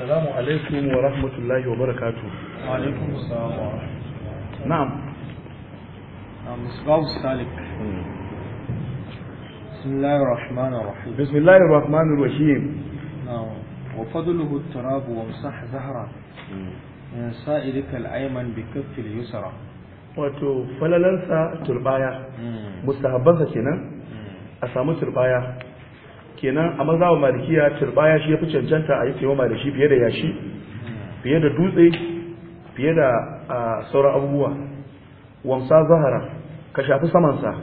السلام عليكم ورحمة الله وبركاته وعليكم السلام ورحمة الله نعم مصباح السالك بسم الله الرحمن الرحيم بسم الله الرحمن الرحيم نعم وفضله التراب وامسح زهرا من سائرك الأيمن بكف اليسرى wato falalansa turbaya musahabansa kenan a samu turbaya kenan a wa malikiya turbaya shi ya fi cancanta a yi taimama da shi fiye da yashi fiye da dutse fiye da sauran abubuwa wamsa zahara ka shafi samansa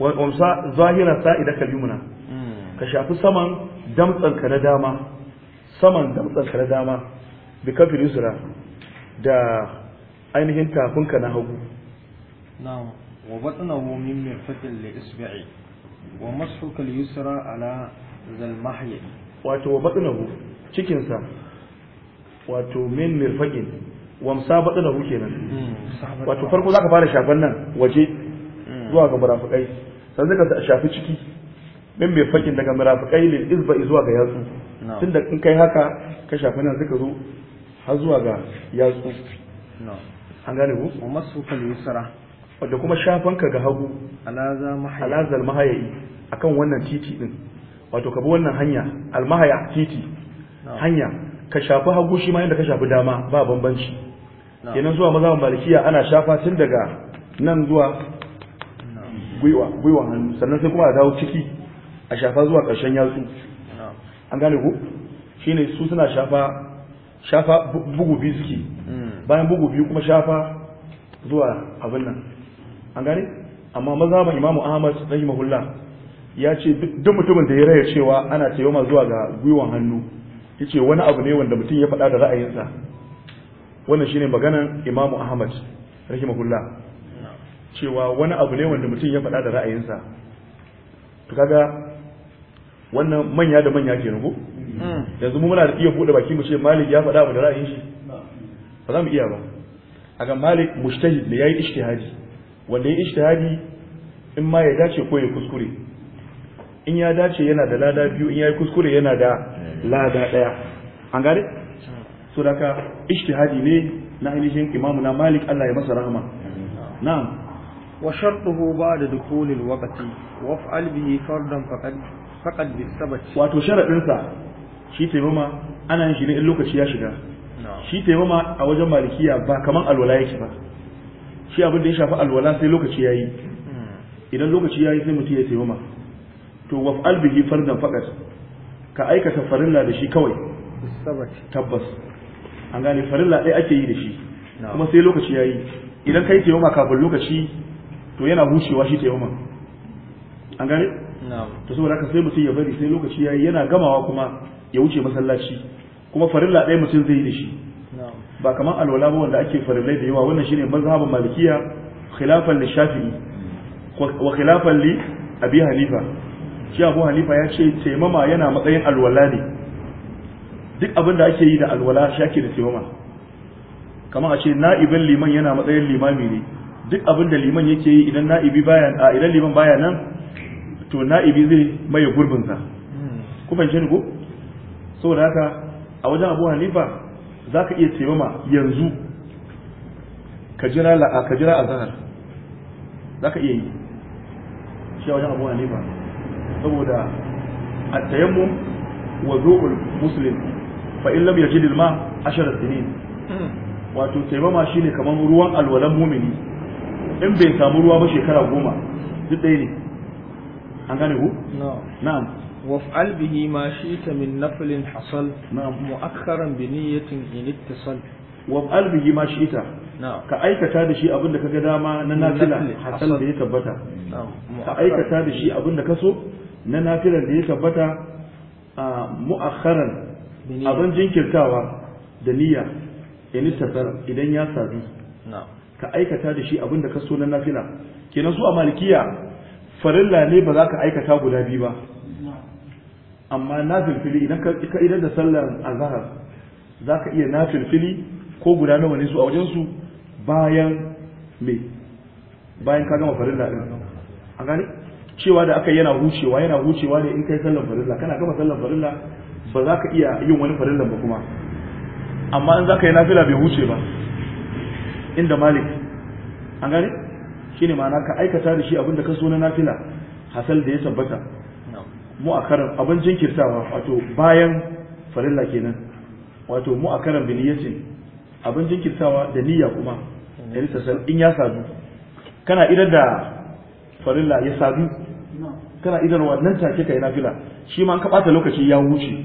wamsa sa idan ka yumna ka shafi saman ka na dama saman ka na dama bi kafin yusra da ainihin tafinka na hagu na wa batsanahu mai fatin li isbi'i wa mashuka al-yusra ala zalmahyi wato batnahu cikin sa wato min mirfaqin wamsa batnahu kenan hmm. wato farko zaka fara shafan nan waje hmm. zuwa ga murafikai sannan ka shafi ciki min mirfaqin daga murafikai lil izba zuwa ga yatsu tunda in kai haka ka shafi nan zaka zo har zuwa ga yatsu an gane ku wa mashuka al-yusra da kuma shafanka ga hagu alazal mahayayi akan wannan titi din wato ka bi wannan hanya almahaya titi hanya ka shafi hagu shi ma yadda ka shafi dama ba bambanci kenan zuwa mazaban malikiya ana shafa tun daga nan zuwa gwiwa hannu sannan sai kuma a dawo ciki a shafa zuwa ƙarshen yatsu an gane ku shine su suna shafa shafa bugu biyu suke hmm. bayan bugu biyu kuma shafa zuwa abin nan an gane amma maza ba imamu ahmad rahimahullah ya ce duk mutumin da ya raya cewa ana taimama zuwa ga gwiwan hannu yace wani abu ne wanda mutum ya faɗa da ra'ayinsa wannan shine maganan imamu ahmad rahimahullah cewa wani abu ne wanda mutum ya faɗa da ra'ayinsa to kaga wannan manya da manya ke rubu yanzu mu muna da iya bude baki mu ce malik ya faɗa abu da ra'ayin shi ba za mu iya ba a ga malik mujtahid ne yayi ijtihadi wanda ya ijtihadi in ma ya dace ko ya kuskure in ya dace yana da lada biyu in ya yi kuskure yana da lada daya an gane so daga ijtihadi ne na ainihin imamu na malik Allah ya masa rahama na'am wa shartuhu ba'da dukhulil wakati, waf'al bihi fardan faqad faqad bisabat wato sharadin sa shi taimama ana yin shi ne in lokaci ya shiga shi taimama a wajen malikiya ba kaman alwala yake ba shi abin da ya shafi alwala sai lokaci ya yi idan lokaci ya yi sai mutum ya taimama to waf'al albihi fardan faqat ka aikata farilla da shi kawai tabbas an gane farilla ɗaya ake yi da shi kuma sai lokaci ya yi idan kai taimama kafin lokaci to yana bushewa shi taimama an gane to saboda haka sai mutum ya bari sai lokaci ya yi yana gamawa kuma ya wuce masallaci kuma farilla ɗaya mutum zai yi da shi ba kamar alwala ba wanda ake farilai da yawa wannan shine mazhabin malikiya khilafan li shafi'i wa khilafan li abi hanifa shi abu hanifa ya ce taimama yana matsayin alwala ne duk abin da ake yi da alwala shi ake da taimama kamar a ce na'ibin liman yana matsayin limami ne duk abin da liman yake yi idan na'ibi baya a idan liman baya nan to na'ibi zai maye gurbinsa ku fahimce ni ko saboda haka a wajen abu hanifa za ka iya taimama yanzu ka jira a zahar za ka iya yi shi a wajen abu ne ba saboda a tayammun wa zo'ul fa'in fa in lam yajid ma ashara sinin wato taimama ne kamar ruwan alwalan mumini in bai samu ruwa ba shekara goma duk ɗaya ne an gane ku na'am وافعل به ما شئت من نفل حصل نعم مؤخرا بنية إن اتصل وافعل به ما شئت نعم كأيك تاد شيء أبن لك كذا ما ننافلة حصل به تبتا نعم كأيك تاد شيء أبن لك سو ننافلة به تبتا مؤخرا أبن جنكر تاوى دنيا إن اتصل إذن يا سابي نعم كأيك تاد شيء أبن لك سو ننافلة كنا سوء مالكية farilla ne ba za ka aikata guda biyu ba amma na filfili idan ka idan da sallar azhar za ka iya na filfili ko guda nawa ne su a wajensu bayan me bayan ka gama farilla din a gani cewa da aka yana hucewa yana hucewa ne in kai sallar farilla kana gama sallar farilla ba za ka iya yin wani farillan ba kuma amma in za ka yi nafila bai huce ba inda malik an gani shine ma'ana ka aikata da shi abinda ka so na nafila hasal da ya tabbata mu a karan abin jinkirtawa wato bayan farilla kenan wato mu a karan biliyatin abin jinkirtawa da niyya kuma yari in ya sadu kana idan da farilla ya sadu kana idan wannan take kai nafila shi ma an ka bata lokaci ya wuce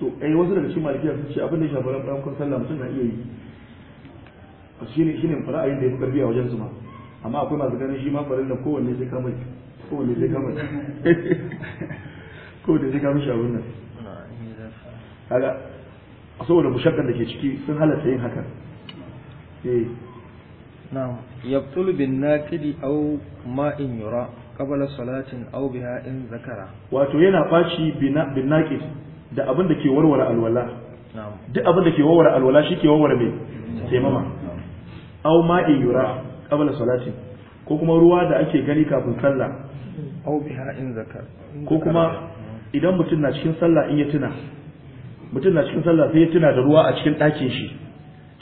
to ai eh, wasu daga cikin malikiya sun ce abin da ya shafi kwan sallah mutum na iya yi shi ne fara'ayin da ya fi karbi a wajen zuma. amma akwai masu ganin shi ma farilla kowanne sai kamar kowanne sai kamar kowanne zai kama shi abin nan kaga saboda mushakkan da ke ciki sun halatta yin hakan eh na'am yabtul bin naqidi aw ma'in yura qabla salatin aw biha in zakara wato yana faci bin naqid da abin da ke warware alwala duk abin da ke warware alwala shi ke warware mai mm-hmm. taimama aw ma'in yura qabla salati ko kuma ruwa da ake gani kafin sallah aw biha in zakar ko kuma idan mutum na cikin sallah in ya tuna mutum na cikin sallah sai ya tuna da ruwa a cikin ɗakin shi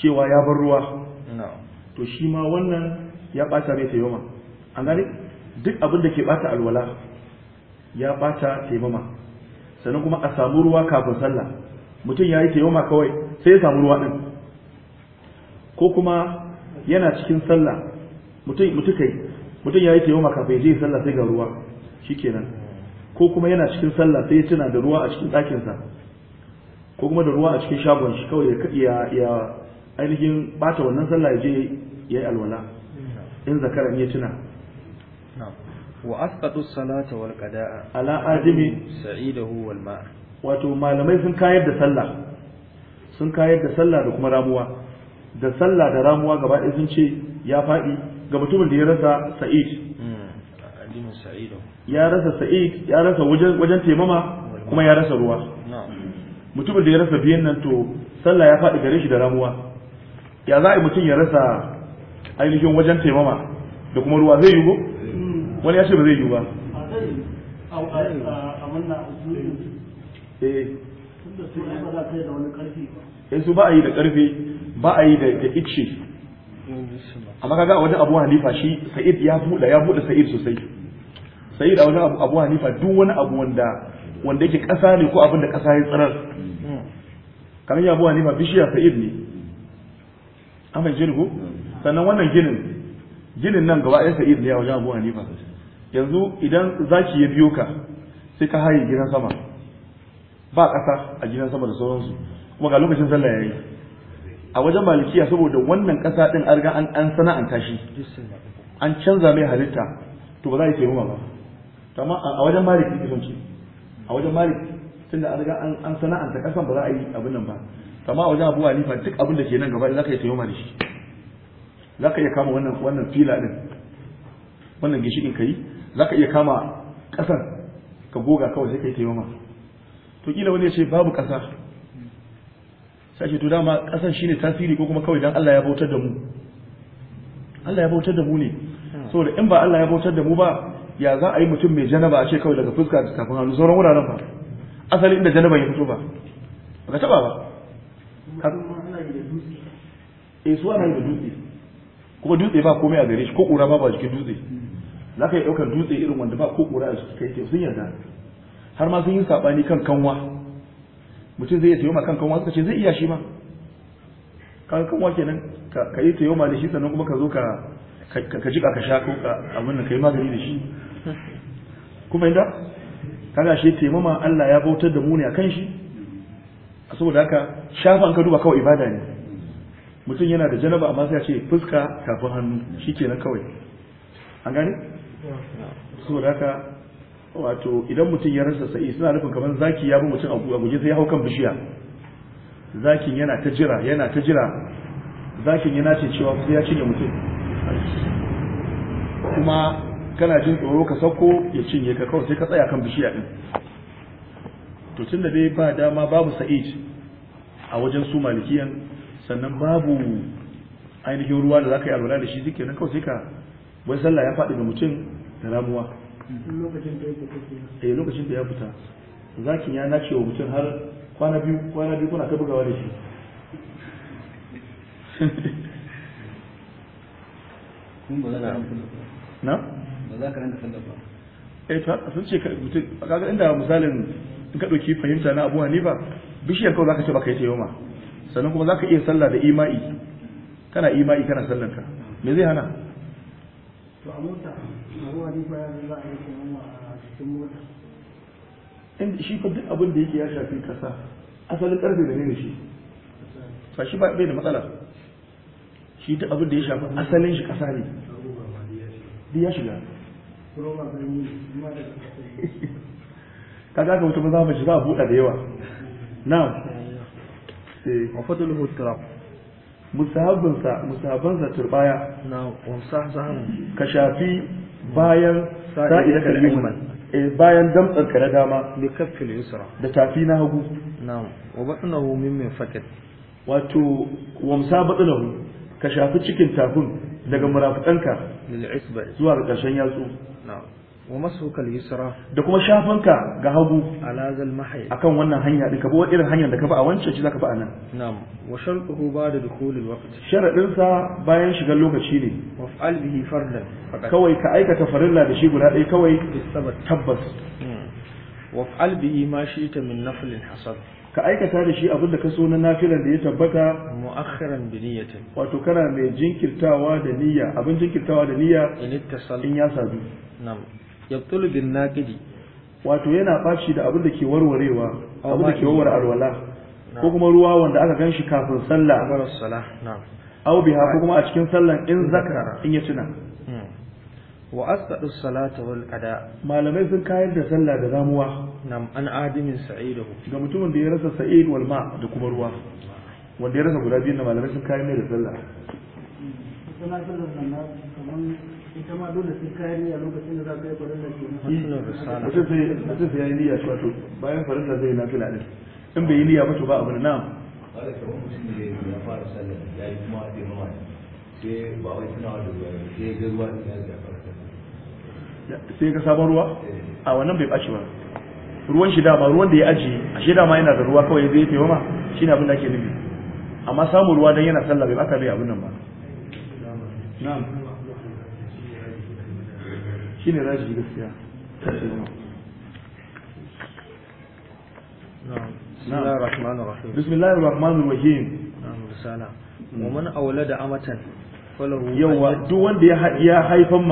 cewa ya bar ruwa to shi ma wannan ya ɓata mai taimama an gane duk abin da ke ɓata alwala ya ɓata taimama sannan kuma a samu ruwa kafin sallah mutum ya yi taimama kawai sai ya samu ruwa ɗin ko kuma yana cikin sallah mutum ya yi mutum yayi taimama kafin ya je sallah sai ga ruwa shi kenan, ko kuma yana cikin sallah sai ya tuna da ruwa a cikin ɗakinsa, ko kuma da ruwa a cikin shagon shi kawai ya ya ainihin bata wannan sallah ya je ya yi alwala in zakara ya tuna wa asqatu salata wal qada'a ala adimi sa'idahu wal ma wato malamai sun kayar da sallah sun kayar da sallah da kuma ramuwa da sallah da ramuwa gaba ɗaya sun ce ya faɗi ga mutumin da ya rasa sa'id ya rasa sa'id ya rasa wajen taimama kuma ya rasa ruwa mutumin da ya rasa biyan nan to sallah ya faɗi gare shi da ramuwa ya za a mutum ya rasa ainihin wajen taimama da kuma ruwa zai yi ko wani ya ce ba zai yi eh. ba eh su ba a yi da ƙarfi, ba a yi da ice amma kaga a wajen abu hanifa shi sa'id ya buɗe ya buɗe sa'id sosai sa'id a wajen abu hanifa duk wani abu wanda wanda yake ƙasa ne ko abin da ƙasa ya tsirar kamar ya abu hanifa bishiya sa'id ne an fahimci ne ko sannan wannan ginin ginin nan gaba ɗaya sa'id ne a wajen abu hanifa yanzu idan zaki ya biyo ka sai ka haye gidan sama ba ƙasa a gidan sama da sauransu kuma ga lokacin sallah ya yi a wajen malikiya saboda wannan ƙasa ɗin arga an an sana'anta shi an canza mai halitta to ba za a yi taimama ba amma a wajen maliki ke son a wajen maliki tunda an riga an sana'anta ƙasan ba za a yi abin nan ba amma a wajen abu hanifa duk abin da ke nan gaba za ka yi taimama da shi za ka iya kama wannan wannan fila din wannan gishiɗin ka yi za ka iya kama ƙasan ka goga kawai sai ka yi taimama to kila wani ya ce babu ƙasa sai ce to dama kasan shine tasiri ko kuma kawai dan Allah ya bautar da mu Allah ya bautar da mu ne saboda in ba Allah ya bautar da mu ba ya za a yi mutum mai janaba a ce kawai daga fuska da kafin hannu sauran wuraren ba asali inda janaba ya fito ba baka taba ba e su ana da dutse kuma dutse ba komai a gare shi ko kura ba ba jikin dutse za ka yi ɗaukar dutse irin wanda ba ko kura a jikin kai sun yarda har ma sun yi saɓani kan kanwa mutum zai yi ma kan kanwa suka ce zai iya shi ma kan kanwa kenan ka yi tayo ma da shi sannan kuma ka zo ka ka jika ka sha ko ka abin nan kai magani da shi kuma inda kaga shi taimama Allah ya bautar da mu ne akan shi saboda haka shafa an ka duba kawai ibada ne mutum yana da janaba amma sai ya ce fuska kafin hannu shikenan kawai an gane saboda haka wato idan mutum ya rasa sa'i suna nufin kamar zaki ya bi mutum a guje sai ya hau kan bishiya zakin yana ta jira yana ta jira zakin yana ce cewa sai ya cinye mutum kuma kana jin tsoro ka sauko ya cinye ka kawai sai ka tsaya kan bishiya din to tun da bai ba dama babu sa'id a wajen su malikiyan sannan babu ainihin ruwa da zaka yi alwala da shi duk kawai sai ka wai sallah ya faɗi da mutum da ramuwa eh lokacin da ya fita zakin ya nace wa mutum har kwana biyu kwana biyu kuna ta bugawa da shi kun ba za ka na ba za ka ranka ba eh to sun ce ka mutum kaga inda misalin in ka dauki fahimta na Abu ba, bishiyar kawai zaka ce baka yi yoma, sannan kuma ka iya sallah da ima'i kana ima'i kana ka, me zai hana to a mota abu hanifa ya za a yi kuma a cikin mota in shi fa duk abin da yake ya shafi kasa asalin karfe da ne ne shi ba shi bai da matsala shi duk abin da ya shafi asalin shi kasa ne duk ya shiga kaga ka mutum za mu shiga a buɗa da yawa na wa fadluhu tirab musahabinsa musahabansa turbaya na zamu ka shafi bayan sa'i da kalimman eh bayan damtsar ka na dama bi kafil yusra da tafi na hagu na wa batnahu min fakat wato wamsa batnahu ka shafi cikin tafin daga murafukanka lil isba zuwa ga karshen yatsu na'am wa masukal da kuma shafanka ga hagu a zal akan wannan hanya din ka bi irin hanyar da ka bi a wancan shi zaka bi a nan na'am wa shartuhu sharadin sa bayan shigar lokaci ne wa bihi fardan kawai ka aikata farilla da shi guda ɗaya kawai tabbas hmm. bihi ma shi'ta min naflin ka aikata da shi abin da ka so na nafilan da ya tabbata mu'akhiran bi niyyatin wato kana mai jinkirtawa da niyya abin jinkirtawa da niyya in ya sadu na'am yabtulu bin naqidi wato yana baci da abin da ke warwarewa abin da ke warware alwala ko kuma ruwa wanda aka ganshi kafin sallah au biha ko kuma a cikin sallan in zakara in ya tuna hmm. wa asdadu salata wal ada malamai sun kayar da sallah da ramuwa nam an adimin sa'idahu ga mutumin da ya rasa sa'id wal ma da kuma ruwa wanda ya rasa guda biyu na malamai sun kayar da sallah ita ma dole sai kayan yi niyya lokacin da za ka yi farilla ke mutum sai mutum sai ya yi niyya shi wato bayan farilla zai yi nafila din in bai yi niyya ba to ba abu na'am kada ka wani mutum da ya fara sallar ya yi kuma a ɗin ruwa sai ba wai tunawa da ruwa sai ya ga ruwa da ya ga fara sallar sai ka sabon ruwa eh. a wannan bai ɓaci ba ruwan shi dama ruwan da ya ajiye ashe dama yana da ruwa kawai zai yi ma shi ne abin da ake nufi amma samun ruwa don yana sallah bai ɓata bai abin nan ba na'am shi ne rashi gaskiya بسم الله الرحمن الرحيم falahu wanda ya ya haifan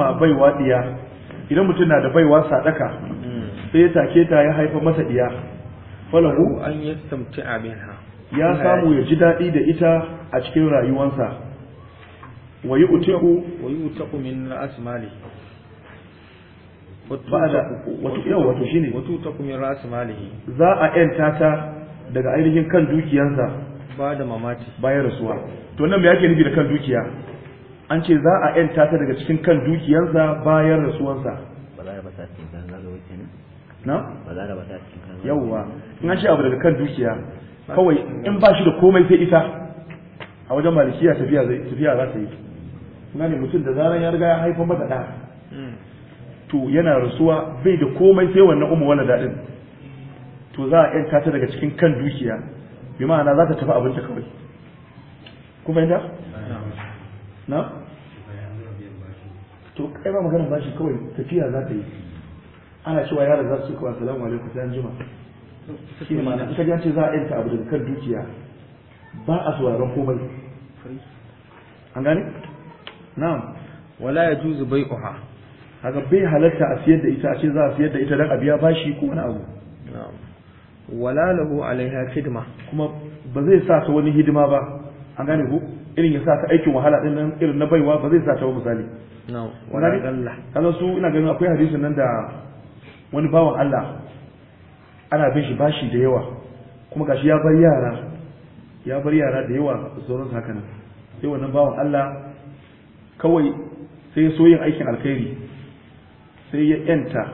idan mutum na da baiwa sadaka hmm. sai ya take ta ya haifa masa diya falahu an yastamti'a ya samu ya ji dadi da ita a cikin rayuwarsa wa yu'tiqu wa min wato shine wato ta kuma rasu malihi za a yanta ta daga ainihin kan dukiyansa ba da mamaki bayan rasuwa to nan me yake nufi da kan dukiya an ce za a yanta ta daga cikin kan dukiyansa bayan rasuwansa ba za a ba ta cikin kan zaga wuce ne na ba za a ba ta cikin kan yawa in an ce abu daga kan dukiya kawai in ba shi da komai sai ita a wajen malikiya tafiya za ta yi Na ne mutum da zaran ya riga ya haifa mata da to yana rasuwa bai da komai sai wannan ummu wala dadin to za a yanka ta daga cikin kan dukiya bi ma'ana za ta tafi abin ta kawai Ku fahimta? na to kai ba magana bashi kawai tafiya za ta yi ana cewa yara za su kawai salamu alaikum sai an jima shi ne ma'ana ita ya ce za a yanka abu daga kan dukiya ba a sauraron komai an gane na'am wala yajuzu bai'uha haka bai halatta a siyar da ita a ce za a siyar da ita don a biya bashi ko wani abu wala lahu alaiha hidima? kuma ba zai sa ta wani hidima ba an gane ko irin ya sa ta aikin wahala din nan irin na baiwa ba zai sa ta misali na'am wala su ina ganin akwai hadisin nan da wani bawan Allah ana bin shi bashi da yawa kuma gashi ya bar yara ya bar yara da yawa sauran haka nan sai wannan bawan Allah kawai sai so yin aikin alkhairi sai ya yanta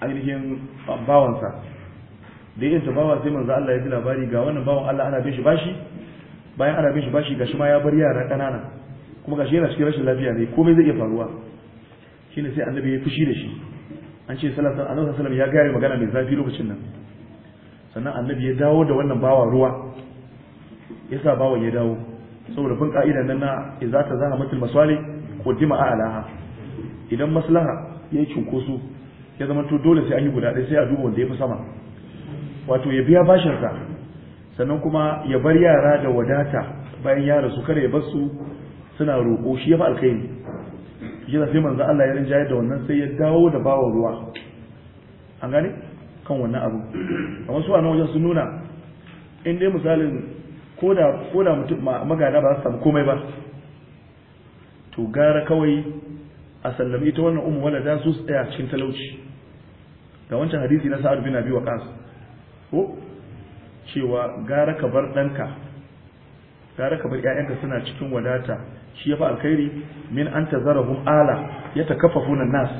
ainihin bawansa da ya yanta bawa sai manzo Allah ya ji labari ga wannan bawan Allah ana bin shi bashi bayan ana bin shi bashi ga shi ma ya bar yara kanana kuma gashi yana cikin rashin lafiya ne komai zai iya faruwa shine sai annabi ya fushi da shi an ce sallallahu alaihi wasallam ya gaya magana mai zafi lokacin nan sannan annabi ya dawo da wannan bawa ruwa yasa bawan ya dawo saboda bin ka'idan nan na idza tazahamatul maswali qaddima a'laha idan maslaha ya yi cunkoso ya zama to dole sai an yi guda ɗaya sai a duba wanda ya fi sama wato ya biya bashinsa sannan kuma ya bar yara da wadata bayan ya rasu kada ya bar su suna roƙo shi ya fi alkhairi shi zafi manzo Allah ya rinjaye da wannan sai ya dawo da bawon ruwa an gane kan wannan abu amma su a wajen sun nuna in dai misalin ko da mutum magana ba su samu komai ba to gara kawai a sallama ita wannan ummu da su tsaya cikin talauci ga wancan hadisi na sa'ad bin abi waqas ko cewa gara ka bar danka gara ka bar ƴaƴanka suna cikin wadata shi yafi alkhairi min an tazarahum ala yatakaffafuna nas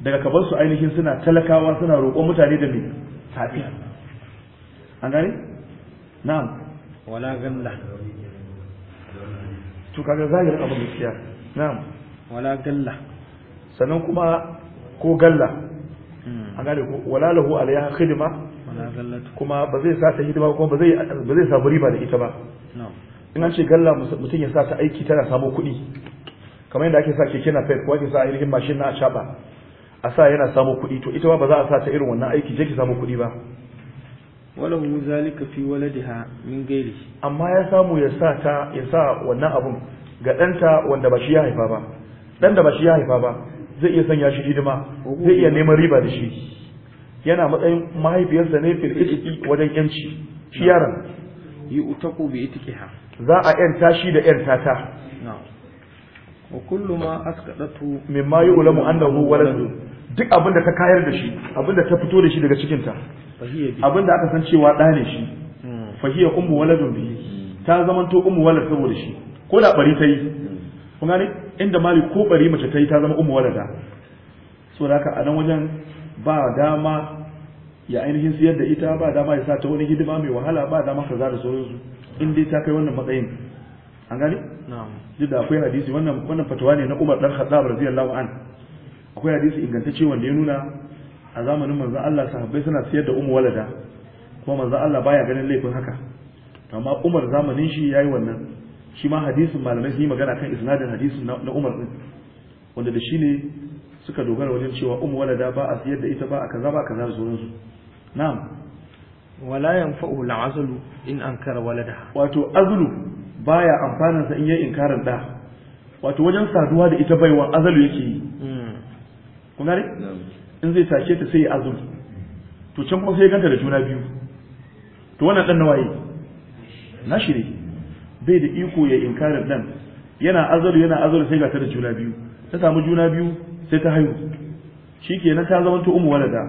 daga kabar su ainihin suna talakawa suna roƙon mutane da me tafiya an gani? na'am wala ganna to kaga zahir abu gaskiya na'am wala galla sannan kuma ko galla hmm. a gane ko wala lahu alaiha khidma kuma ba zai sa ta hidima kuma ba zai ba zai samu riba da ita ba in an ce galla mutum ya sa ta aiki tana samu kuɗi kamar yadda ake sa keke na fed ko ake sa ainihin mashin na a a sa yana samu kuɗi to ita ma ba za a sa ta irin wannan aiki je ki samu kuɗi ba wala hu zalika fi waladiha min gairi amma ya samu ya sa ta ya sa wannan abun ga ɗanta wanda ba shi ya haifa ba dan da ba shi ya haifa ba zai iya sanya shi hidima zai iya neman riba da shi yana matsayin mahaifiyarsa ne fil itiki wajen yanci shi yaron yi utaku bi itikiha za a yanta shi da yanta ta wa kullu ma askadatu mimma yu'lamu annahu waladu duk abin da ka kayar da shi abin da ta fito da shi daga cikinta abin da aka san cewa ɗa ne shi hmm. fahiya ummu waladu bi ta zamanto ummu walad saboda shi ko da bari ta yi kuma ne? inda mali ko bari mace ta yi ta zama umu walada so da haka a nan wajen ba dama ya ainihin siyar da ita ba dama ya sa ta wani hidima mai wahala ba dama kaza da sauransu in dai ta kai wannan matsayin an gani? duk da akwai hadisi wannan fatawa ne na Umar dan Khattab radiyallahu an akwai hadisi ingantacce wanda ya nuna a zamanin manzon Allah sahabbai suna siyar da umu walada kuma manzon Allah baya ganin laifin haka amma Umar zamanin shi yayi wannan shi ma hadisin malamai sun yi magana kan isnadin hadisin na Umar din wanda da shi ne suka dogara wajen cewa um walada ba a siyar da ita ba a kaza ba kaza da su na'am wala yanfa'u al'azlu in ankara walada. wato azlu baya amfanin sa in yayin inkarin da wato wajen saduwa da ita baiwa azalu yake yi hmm. kun gane in zai tashe ta sai ya azulu to can kuma sai ganta da juna biyu to wannan dan nawaye na shirye bai da iko ya inkarin dan yana azalu yana azalu sai ga ta da juna biyu ta samu juna biyu sai ta haihu shikenan ta zama ta umu walada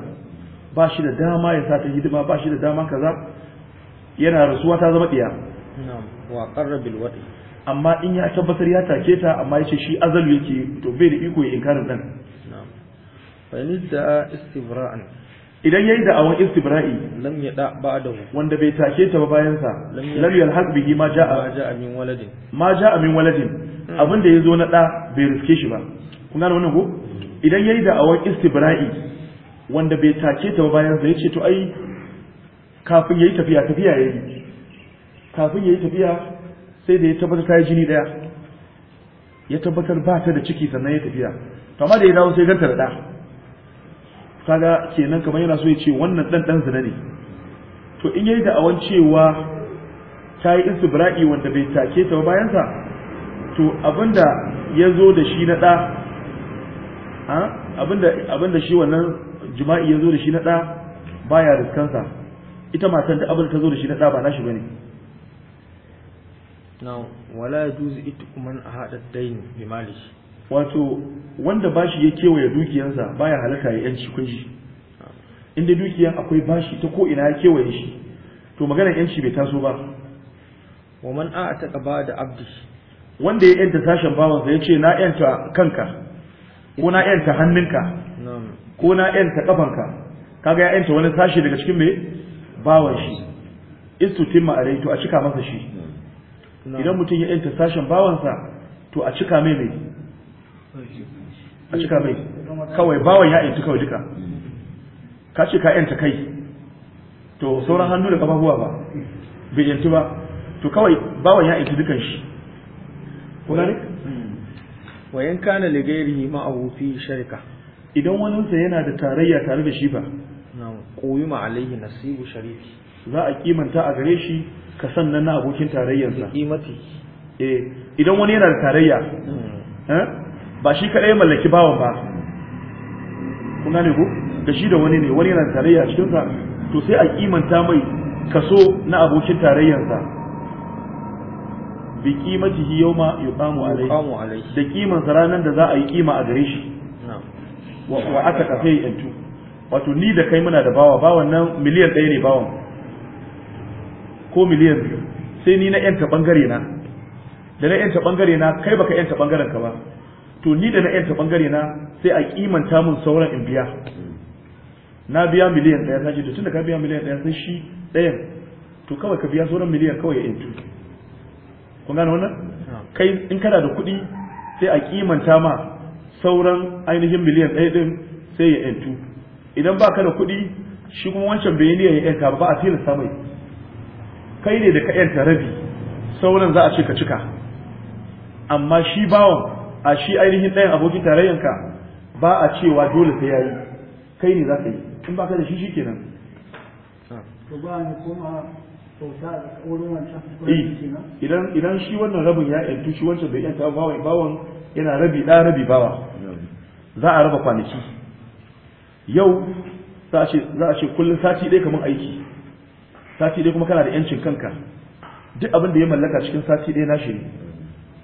ba shi da dama ya sa ta hidima ba shi da dama kaza yana rasuwa ta zama diya wa qarra bil wadi amma in ya tabbatar ya take ta amma yace shi azalu yake to bai da iko ya inkarin dan fa da istibra'an idan yayi da awon istibra'i lam yada ba'da wanda bai take ta ba bayan sa lam yalhaq bihi ma ja'a ma ja'a min waladin ma ja'a min waladin hmm. abin da yazo na da bai riske shi ba kun gane wannan ko idan yayi da awon istibra'i wanda bai take ta ba bayan sa yace to ai kafin yayi tafiya tafiya yayi kafin yayi tafiya sai da ya tabbatar ta yi jini daya ya tabbatar ba ta da ciki sannan ya tafiya to amma da ya dawo sai ganta da da kaga kenan kamar yana so ya ce wannan dan dan zina ne to in yayi da'awan cewa ta yi wanda bai take ta ba bayan sa to abinda ya zo da shi na da abinda abinda shi wannan jima'i ya zo da shi na da baya sa ita matan da abin ta zo da shi na da ba nashi bane na wala yajuz itku man ahada dayn bi malihi wato wanda bashi ya kewaye dukiyarsa baya halaka ya yanci kunji inda dukiyan akwai bashi ta ko ina ya kewaye shi to maganar yanci bai taso ba wa man a ta ba da abdi wanda ya yanta sashen bawansa ya ce na yanta kanka ko na yanta hannunka ko na yanta kafanka kaga ya yanta wani sashi daga cikin mai bawan shi istutimma alai to a cika masa shi idan mutum ya yanta sashen bawansa to a cika mai mai a cika mai kawai bawan ya yanci kawai duka ka ce ka yanta kai to sauran hannu da kafafuwa ba bai yanci ba to kawai bawan ya yanci dukan shi kuna ne wa yan kana li ma ma'ahu fi sharika idan wani sa yana da tarayya tare da shi ba ma alaihi nasibu shariki za a kimanta a gare shi ka sannan na abokin tarayyarsa kimati eh idan wani yana da tarayya hmm. eh? ba shi kadai mallaki bawan ba kun gane ko da shi da wani ne wani yana tarayya a cikin sa to sai a kimanta mai kaso na abokin tarayyarsa bi kimatihi yawma yuqamu alayhi da kiman ranar da za a yi kima a gare shi wa aka kafe yantu wato ni da kai muna da bawa bawan nan miliyan ɗaya ne bawan ko miliyan biyu sai ni na yanta bangare na da na yanta bangare na kai baka yanta bangaren ka ba to ni da na yanta bangare na sai a kimanta mun sauran in biya na biya miliyan ɗaya sai da tunda ka biya miliyan ɗaya sai shi ɗayan to kawai ka biya sauran miliyan kawai ya yantu kun gane wannan kai in kana da kuɗi sai a kimanta ma sauran ainihin miliyan ɗaya ɗin sai ya yantu idan ba ka da kuɗi shi kuma wancan bai niyan ya yanta ba a tilasta samai. kai ne da ka yanta rabi sauran za a ce ka cika amma shi bawan a shi ainihin ɗayan abokin tarayyanka ba a cewa dole sai yayi kai ne za ka yi in ba ka da shi shi ke eh, idan idan shi wannan rabin ya yantu shi wancan bai yanta bawan bawan yana rabi ɗan rabi bawa za a raba kwanaki yau za a ce kullum sati ɗaya kamar aiki sati ɗaya kuma kana da yancin kanka duk abin da ya mallaka cikin sati ɗaya na shi ne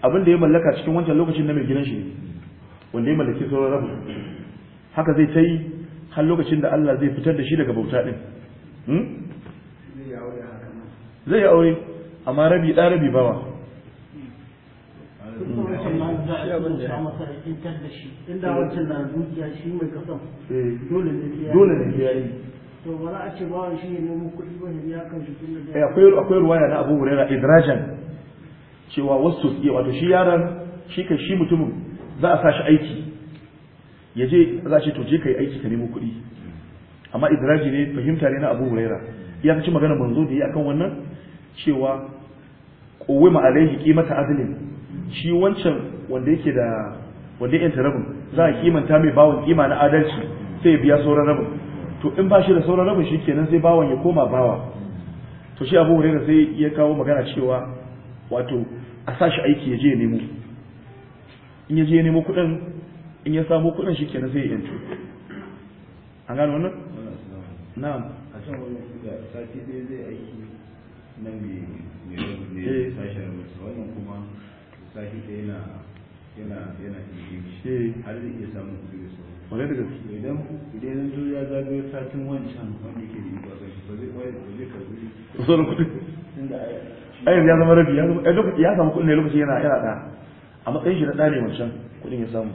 abin da ya mallaka cikin wancan lokacin na mai gidan shi wanda ya mallaki sauran rabu haka zai ta yi har lokacin da Allah zai fitar da shi daga bauta ɗin hmm? zai yi aure amma rabi ɗan rabi bawa eh, dole ne ya yi to a ce bawan shi ne nemo kuɗi ba ne ya kan shi kullum da eh, akwai ruwaya na abu hurera idrajan cewa wasu iya wato shi yaran shi kan shi mutumin za a sa shi aiki ya je za shi to je ka yi aiki ka nemo kuɗi amma idraji ne fahimta ne na abu huraira ya ci magana manzo da yi kan wannan cewa kowai ma alaihi kimata azlin shi wancan wanda yake da wanda yake rabin za a kimanta mai bawon kima na adalci sai ya biya sauran rabin to in ba shi da sauran rabin shi kenan sai bawon ya koma bawa to shi abu huraira sai ya kawo magana cewa wato a sa shi aiki ya je ya nemo in ya je ya nemo kuɗin in ya samo kuɗin shi kenan sai ya yanci an gano wannan na'am a can wani da sati ɗaya zai aiki nan mai eh. sashen rubutu wannan kuma sati ɗaya yana yana yana ingilishi eh. har zai iya samun kuɗi da sauran Wani da gaske idan idan zo ya zagayo satin wancan wanda ke da yi ba zai ba zai karɓi sauran kuɗi ai ya zama rabi ya samu kudin ne lokaci yana yana ɗa a matsayin shi na ɗa ne wancan kuɗin ya samu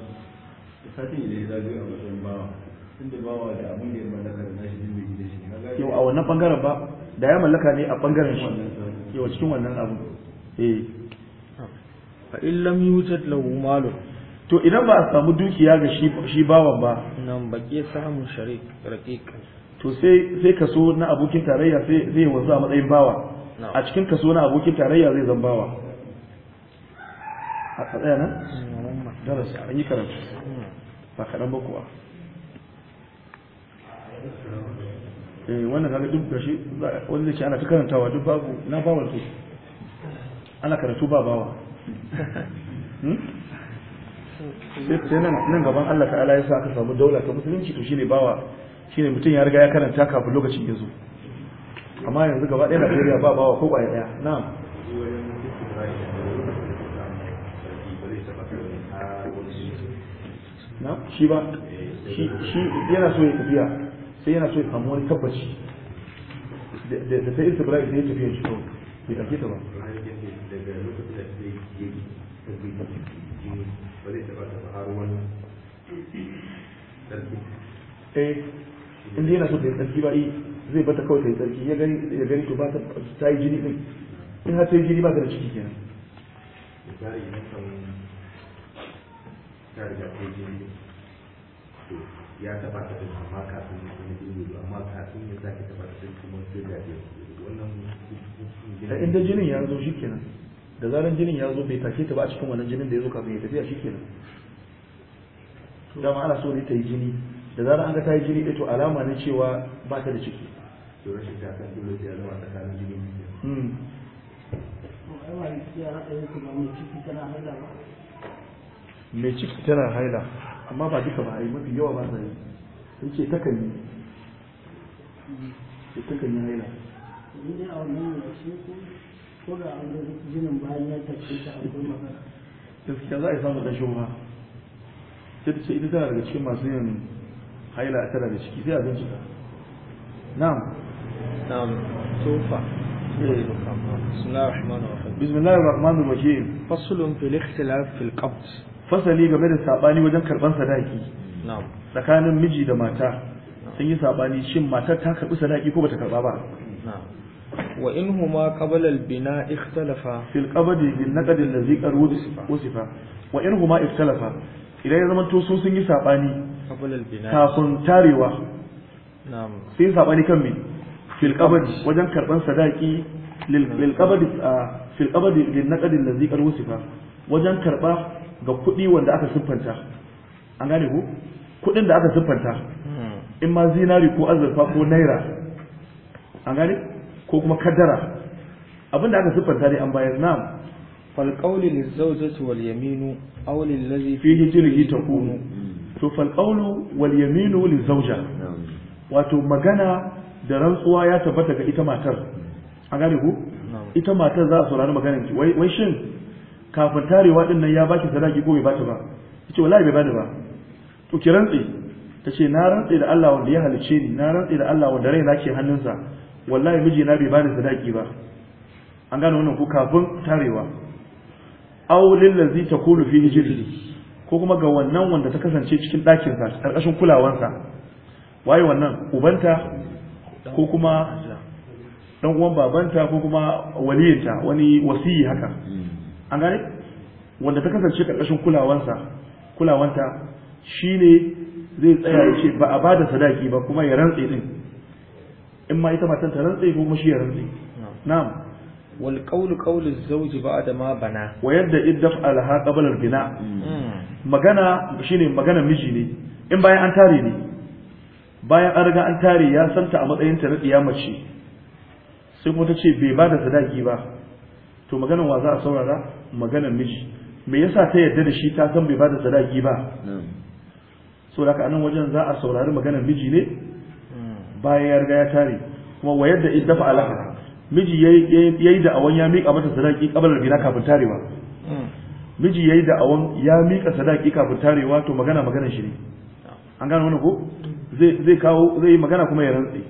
satin da ya zagi a matsayin bawa tunda bawa da abin da ya mallaka da nashi din bai gida shi yau a wannan bangaren ba da ya mallaka ne a bangaren shi yau cikin wannan abu eh a in lam yujad lahu malun to idan ba a samu dukiya ga shi shi bawan ba nan baki samun sharik raqiq to sai sai kaso na abokin tarayya sai zai wanzu a matsayin bawa a cikin kaso na abokin tarayya zai zan bawa a tsaye nan darasi an yi karatu ba kaɗan ba kuwa eh wannan kaga duk gashi wani zai ce ana ta karantawa duk babu na bawa to ana karatu ba bawa hmm? sai nan gaban Allah ta'ala ya sa aka samu daula ta musulunci to shine bawa shine mutum ya riga ya karanta kafin lokacin ya zo amma yanzu gaba ɗaya Najeriya ba bawa ko ɗaya na'am na shi ba shi yana so ya tafiya sai yana so ya samu wani tabbaci da sai isa bala'i sai ya tafiya shi kawai bai ɗauke ta ba eh inda yana so ta yi tsarki ba yi eh. zai bata kawai ta yi tsarki ya gani ya gani to ba ta yi jini din in ha ta yi jini ba ta da ciki kenan ya taba ta din amma kafin ya kuma jini amma kafin ya sake taba ta kuma sai da ya wannan inda jinin ya zo shi kenan da zaran jinin ya zo bai take ta ba a cikin wannan jinin da ya zo kafin ya tafiya shi kenan dama ana so ne ta yi jini da zaran an ga ta yi jini ito eh alama ne cewa ba ta da ciki to rashin shakan dole ya zama tsakanin jini hmm. biyu mai ciki tana haila amma ba duka ba a yi mafi yawa ba zai sun ce takan yi ce takan yi haila inda a wannan yashi ko da an ga jinin bayan ya tafi ta akwai magana gaskiya za a samu da shoma sai ta ce ita tana daga cikin masu yin haila a tara da ciki sai a bincika na'am نعم توفى بسم الله الرحمن الرحيم game da sabani wajen karban sadaki tsakanin miji da mata sun yi sabani shin matar ta karbi sadaki ko bata karba ba wa in huma qabla al-bina ikhtalafa fil qabdi bil naqd allazi qaru wa in huma ikhtalafa idan ya zama to sun yi sabani kafin tarewa sun yi sabani kan me fil wajen karɓar sadaki lil qabdi fil qabdi lin naqd allazi qad wajen karɓa ga kuɗi wanda aka siffanta an gane ko kuɗin da aka siffanta hmm. in ma zinari ko azurfa ko naira an gane ko kuma kaddara abinda aka siffanta ne an bayar na. fal qawli lizawjati wal yaminu aw lil ladhi fihi jirhi takunu to fal qawlu wal yaminu lizawja hmm. wato magana da rantsuwa ya tabbata ga ita matar a gane ku ita matar za a saurari maganar ki wai shin kafin tarewa din nan ya baki sadaki ko bai bata ba yace wallahi bai bada ba to ki rantsi tace na rantsi da Allah wanda ya halice ni na rantsi da Allah wanda rai ke hannunsa wallahi mijina bai bani sadaki ba an gane wannan ku kafin tarewa aw ladzi takunu fi hijri ko kuma ga wannan wanda ta kasance cikin ɗakin sa ƙarƙashin kulawansa waye wannan ubanta ko kuma dan uwan babanta ko kuma waliyinta wani wasiyi haka an gane wanda ta kasance karkashin kulawansa kulawanta shine zai tsaya ya ce ba a bada sadaki ba kuma ya rantse din in ma ita matan ta rantse ko kuma shi ya rantse na'am wal qawlu qawlu zawji ba'da ma bana wa yadda iddaf alha qabla al bina hmm. magana shine magana miji ne in bayan an tare ne bayan an riga an tare ya santa a matsayinta na ɗiya mace sai kuma ta ce bai ba da sadaki ba to maganar wa za a saurara maganar miji me yasa ta yarda da shi ta san bai ba da sadaki ba so da anan wajen za a saurari maganar miji ne bayan ya riga ya tare kuma wa yadda in dafa alaka miji yayi da awan ya miƙa mata sadaki kabalar bina kafin tarewa miji yayi da awan ya miƙa sadaki kafin tarewa to magana maganan shi ne an gane wani ko zai kawo zai yi magana kuma ya rantsi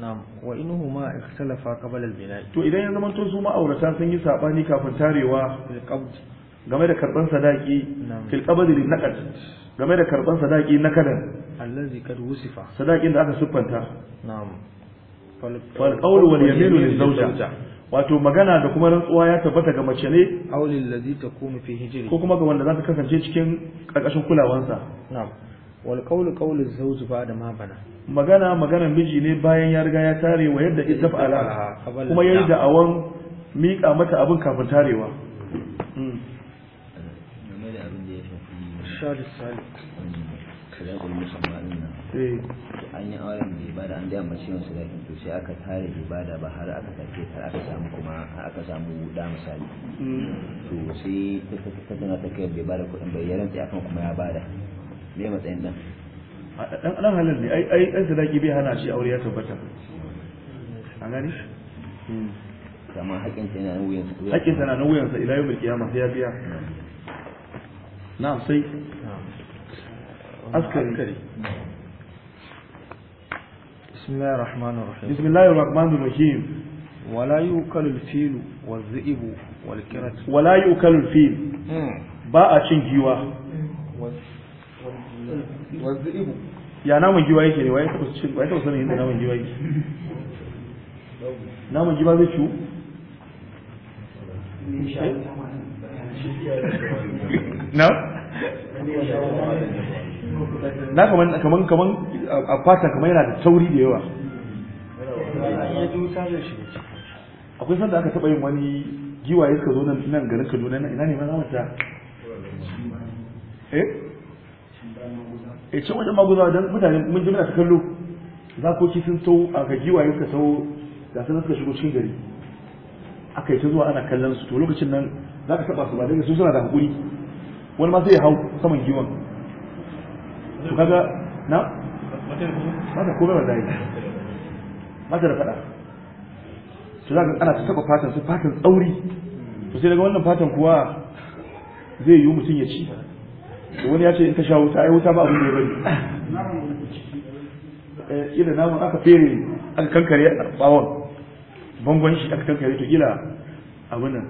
na'am wa inuhuma ikhtalafa qabla al-bina to idan ya zama to su ma'aurata sun yi sabani kafin tarewa game da karban sadaki fil qabd lin naqad game da karban sadaki nakadan allazi kad wusifa sadakin da aka siffanta na'am fal qawl wal yamin lil zawja wato magana da kuma rantsuwa ya tabbata ga mace ne aulil ladhi takunu fi hijri ko kuma ga wanda za ta kasance cikin karkashin kulawansa na'am wal qawlu qawlu zawj ba'da ma bana magana magana miji ne bayan ya riga ya tare wa yadda idda fa'ala kuma yayi da awan mika mata abin kafin tarewa an yi auren bai bada an daya mace yin sadakin to sai aka tare bai bada ba har aka tafi har aka samu kuma aka samu da misali to sai ta tana ta kai bai bada kuɗin bai yaran sai akan kuma ya bada me matsayin dan dan dan halal ne ai ai dan sadaki bai hana shi aure ya tabbata an gani hmm. kama sa wuyan sa sa na wuyan sa ila sai ya biya na'am sai askari بسم الله الرحمن الرحيم بسم الله الرحمن الرحيم ولا يؤكل الفيل والذئب ولا يؤكل الفيل باء ya naman giwa yake ne wa ya kusa waye ta naman giwa yake naman giwa zai ciwo na na kaman kaman kaman a fata kaman yana da tauri da yawa akwai sanda aka taba yin wani giwaye suka zo nan garin Kaduna ina ne ma za mu ta eh e can wajen maguzawa don mutane mun jimina muna ta kallo zakoki sun tau a ga giwaye suka tau ga sun suka shigo cikin gari aka yi ta zuwa ana kallon su to lokacin nan za ka taba su ba daga su suna da hakuri wani ma zai hau saman giwan su kaga na mata komai ba zai mata da fada to za ka ana ta taba fatan su fatan tsauri to sai daga wannan fatan kuwa zai yi mutum ya ci wani ya ce in ka sha wuta ai wuta ba abin da ya bari eh, kila namun aka fere aka kankare a bawon bangon shi aka kankare to ila abin nan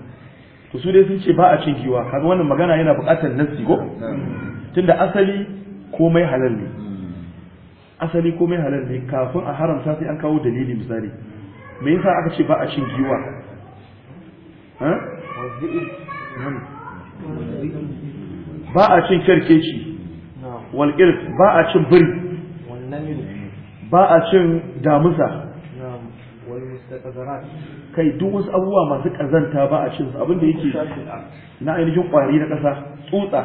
to su dai sun ce ba a cin giwa kaga wannan magana yana buƙatar nassi ko tunda asali komai halal ne asali komai halal ne kafin a haramta sai an kawo dalili misali me yasa aka ce ba a cin giwa ha ba a cin kerkeci wal ba a cin biri ba a cin damusa kai duk wasu abubuwa masu kazanta ba a cin abinda yake na ainihin kwari na ƙasa tsutsa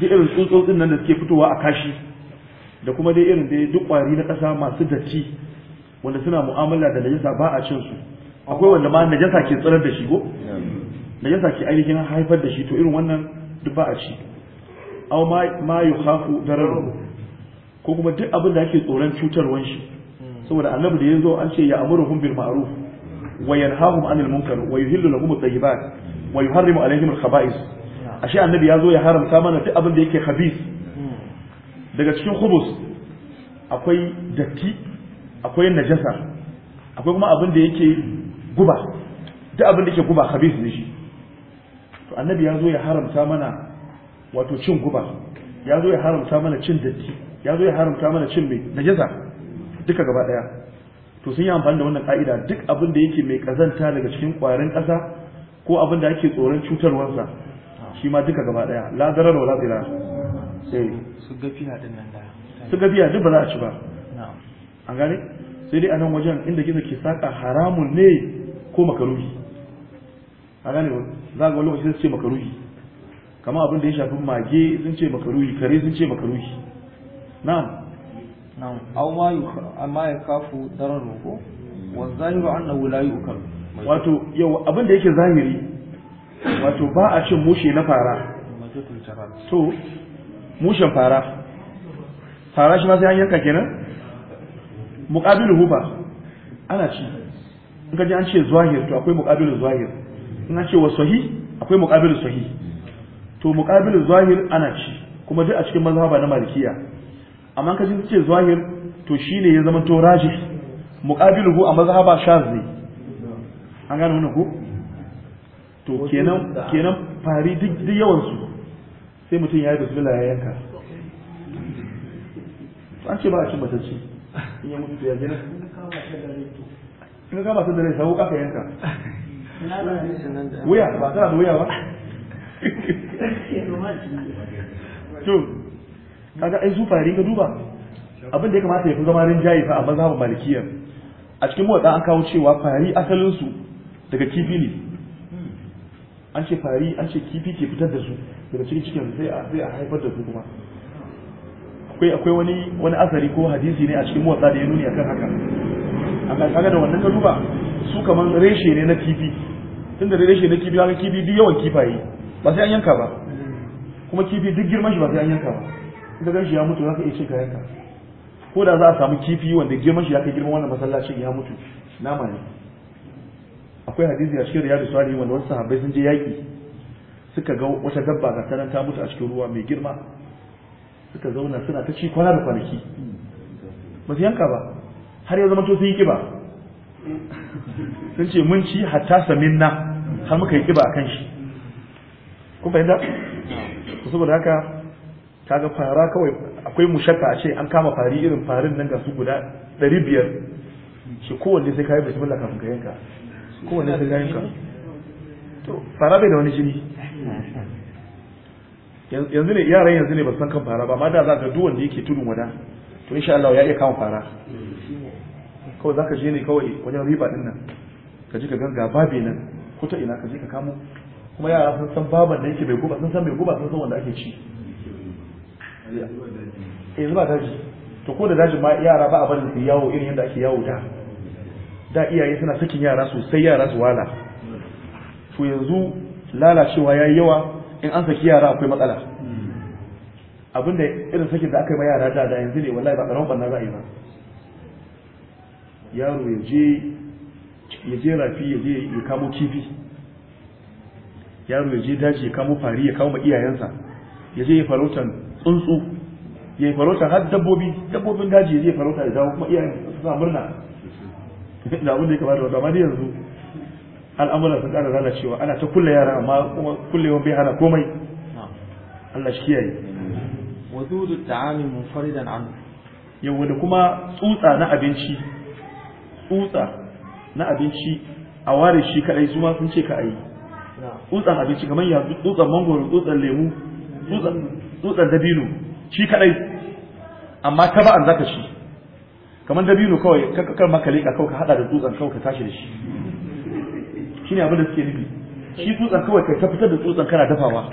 duk irin tsutsotsin nan da suke fitowa a kashi da kuma dai irin dai duk kwari na ƙasa masu datti wanda suna mu'amala da najasa ba a cin su akwai wanda ma najasa ke tsirar da shi ko najasa ke ainihin haifar da shi to irin wannan duk ba a ci aw ma yukhafu dararu ko kuma duk abin da ake tsoron cutarwan shi saboda annabi da yazo an ce ya amuruhum bil ma'ruf wa yanhahum anil munkar wa yuhillu lahum at-tayyibat wa yuharrimu alaihim al-khaba'is ashe annabi ya zo ya haramta mana duk abin da yake khabis daga cikin khubus akwai datti akwai najasa akwai kuma abin da yake guba duk abin da yake guba khabis ne shi to annabi ya zo ya haramta mana wato cin guba ya zo ya haramta mana cin datti ya zo ya haramta mana cin mai najasa duka gaba daya to sun yi amfani da wannan ka'ida duk abin da yake mai kazanta daga cikin kwarin ƙasa ko abin da ake tsoron sa shi ma duka gaba daya la zarar wa la zirar eh. su gafiya din nan da su gafiya duk ba za a ci ba an gane sai dai a nan wajen inda gizo ke saka haramun ne ko makaruhi a gane ba za ga wani lokaci sun ce makaruhi kama abin da ya shafi mage sun ce makaruhi kare sun ce makaruhi na'am na'am aw ma amma ya kafu daren roko wa zahiru annahu la yu'kal wato yau abin da yake zahiri wato ba a cin mushe na fara to mushen fara fara shi ma sai an yanka kenan muqabilu hufa ana ci in ka ji an ce zahir to akwai muqabilu zahir ce wa sahi akwai muqabilu sahi to muqabilu zahir ana ci kuma duk a cikin mazhaba na malikiya amma kaji ce zahir to shine ya zama to rajih muqabiluhu a mazhaba shazi an gane wannan ko to kenan kenan fari duk duk yawan su sai mutum ya yi bismillah ya yanka an ce ba a cin matacce in ya mutu ya gina in ka ba ta da rai sau ka yanka wuya ba tana da wuya ba to kaga ai fari ka duba abin da ya kamata ya fi zama rinjaye fa a mazhabin malikiyar a cikin motsa an kawo cewa fari asalin su daga kifi ne an ce fari an ce kifi ke fitar da su daga cikin cikin sai a sai a haifar da su kuma akwai akwai wani wani asari ko hadisi ne a cikin motsa da ya nuni akan haka kaga da wannan ka duba su kaman reshe ne na kifi tunda da reshe na kifi haka kifi duk yawan kifaye ba sai an yanka ba kuma kifi duk girman shi ba sai an yanka ba in ka ganshi ya mutu ka iya ce ka yanka ko da za a samu kifi wanda girman shi ya kai girman wannan masallacin ya mutu nama ne akwai hadisi a cikin riyadu salihin wanda wasu sahabbai sun je yaki suka ga wata dabba ga tanan ta mutu a cikin ruwa mai girma suka zauna suna ta ci kwana da kwanaki ba su yanka ba har ya zama to sun yi kiba sun ce mun ci hatta samin na har muka yi kiba kan shi kun fahimta ku saboda haka ga fara kawai akwai mushakka a ce an kama fari irin farin nan ga su guda ɗari biyar shi kowanne sai kayi bismillah kafin ka yanka kowanne sai kayi ka to fara bai da wani jini yanzu ne yaran yanzu ne ba san kan fara ba amma da za ka duwan da yake tudun wada to insha Allah ya iya kama fara kawai ka je ne kawai wajen riba din nan ka ji ka ganga babi nan ko ta ina ka je ka kamo kuma yara sun san baban da yake mai guba sun san mai guba sun san wanda ake ci eh zuba daji to ko da daji ma yara ba a barin su yawo irin yadda ake yawo da da iyaye suna sakin yara sosai yara su wala to yanzu lalacewa yayi yawa in an saki yara akwai matsala abinda irin sakin da aka yi ma yara da da yanzu ne wallahi ba karamin banna za a yi ba yaro ya je ya rafi ya je ya kamo kifi yaro ya je daji ya kamo fari ya kamo iyayensa ya je ya farautan tsuntsu ya yi farauta har dabbobi dabbobin daji ya je farauta ya dawo kuma iyayen su sa murna da abin da ya kamata amma dai yanzu al'amura sun ƙara cewa ana ta kulle yara amma kuma kullewan bai hana komai Allah shi kiyaye wadudu ta'ami munfaridan an yawa da kuma tsutsa na abinci tsutsa na abinci a ware shi kadai su ma sun ce ka ayi tsutsan abinci kamar ya tsutsan mangoro tsutsan lemu tsutsan dabino shi kadai amma ta ba'an zaka shi kamar dabino kawai kar maka leka kawai ka hada da tsutsan kawai ka tashi da shi shine abin da suke nufi shi tsutsan kawai kai ta fitar da tsutsan kana dafawa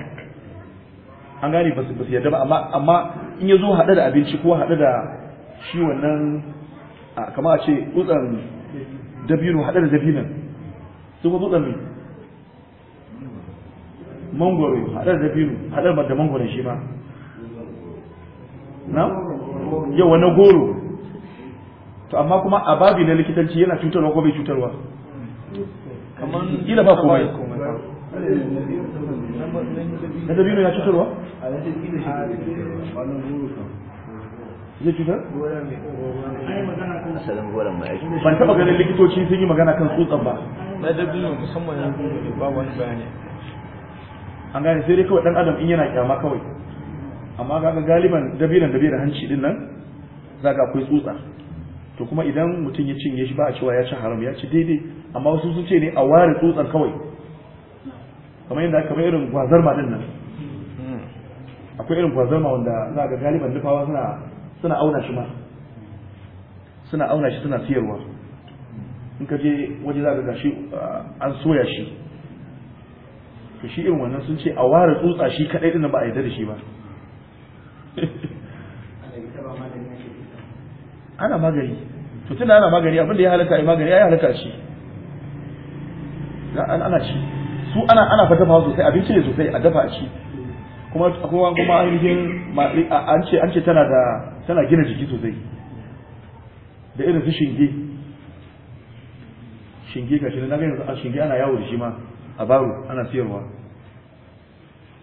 an gane ba su yadda ba amma in ya zo hada da abinci ko hada da shi wannan kama a ce dutsen dabino haɗe da dabinan sun kuma dutsen mangoro haɗe da dabino haɗe da mangoro shi ma na yawa wani goro to amma kuma a babi na likitanci yana cutarwa ko bai cutarwa kila ba komai na dabino ya cutarwa zai cutar? asalin goron ba ban taɓa ganin likitoci sun yi magana kan tsutsan ba na dabino musamman ya ba wani bayani an gane sai dai kawai dan adam in yana kyama kawai amma ga galiban dabiran dabiran hanci ɗin nan za ka akwai tsutsa to kuma idan mutum ya cinye shi ba a cewa ya ci haram ya ci daidai amma wasu sun ce ne a ware tsutsan kawai kamar yadda kamar irin gwazar ma din nan hmm. akwai irin gwazar ma wanda za ga galiban nufawa suna suna auna shi ma suna auna shi suna siyarwa in ka je waje za ka ga shi an soya shi to shi irin wannan sun ce a ware tsutsa shi kadai din ba a yarda da shi ba ana magani to tunda ana magani abinda ya halaka ai magani ai halaka shi ana ci su ana ana fa dafa sosai abinci ne sosai a dafa a ci kuma kuma kuma an ce an ce tana da tana gina jiki sosai da irin su shinge shinge ga shi na ga yanzu a shinge ana yawo da shi ma a baro ana siyarwa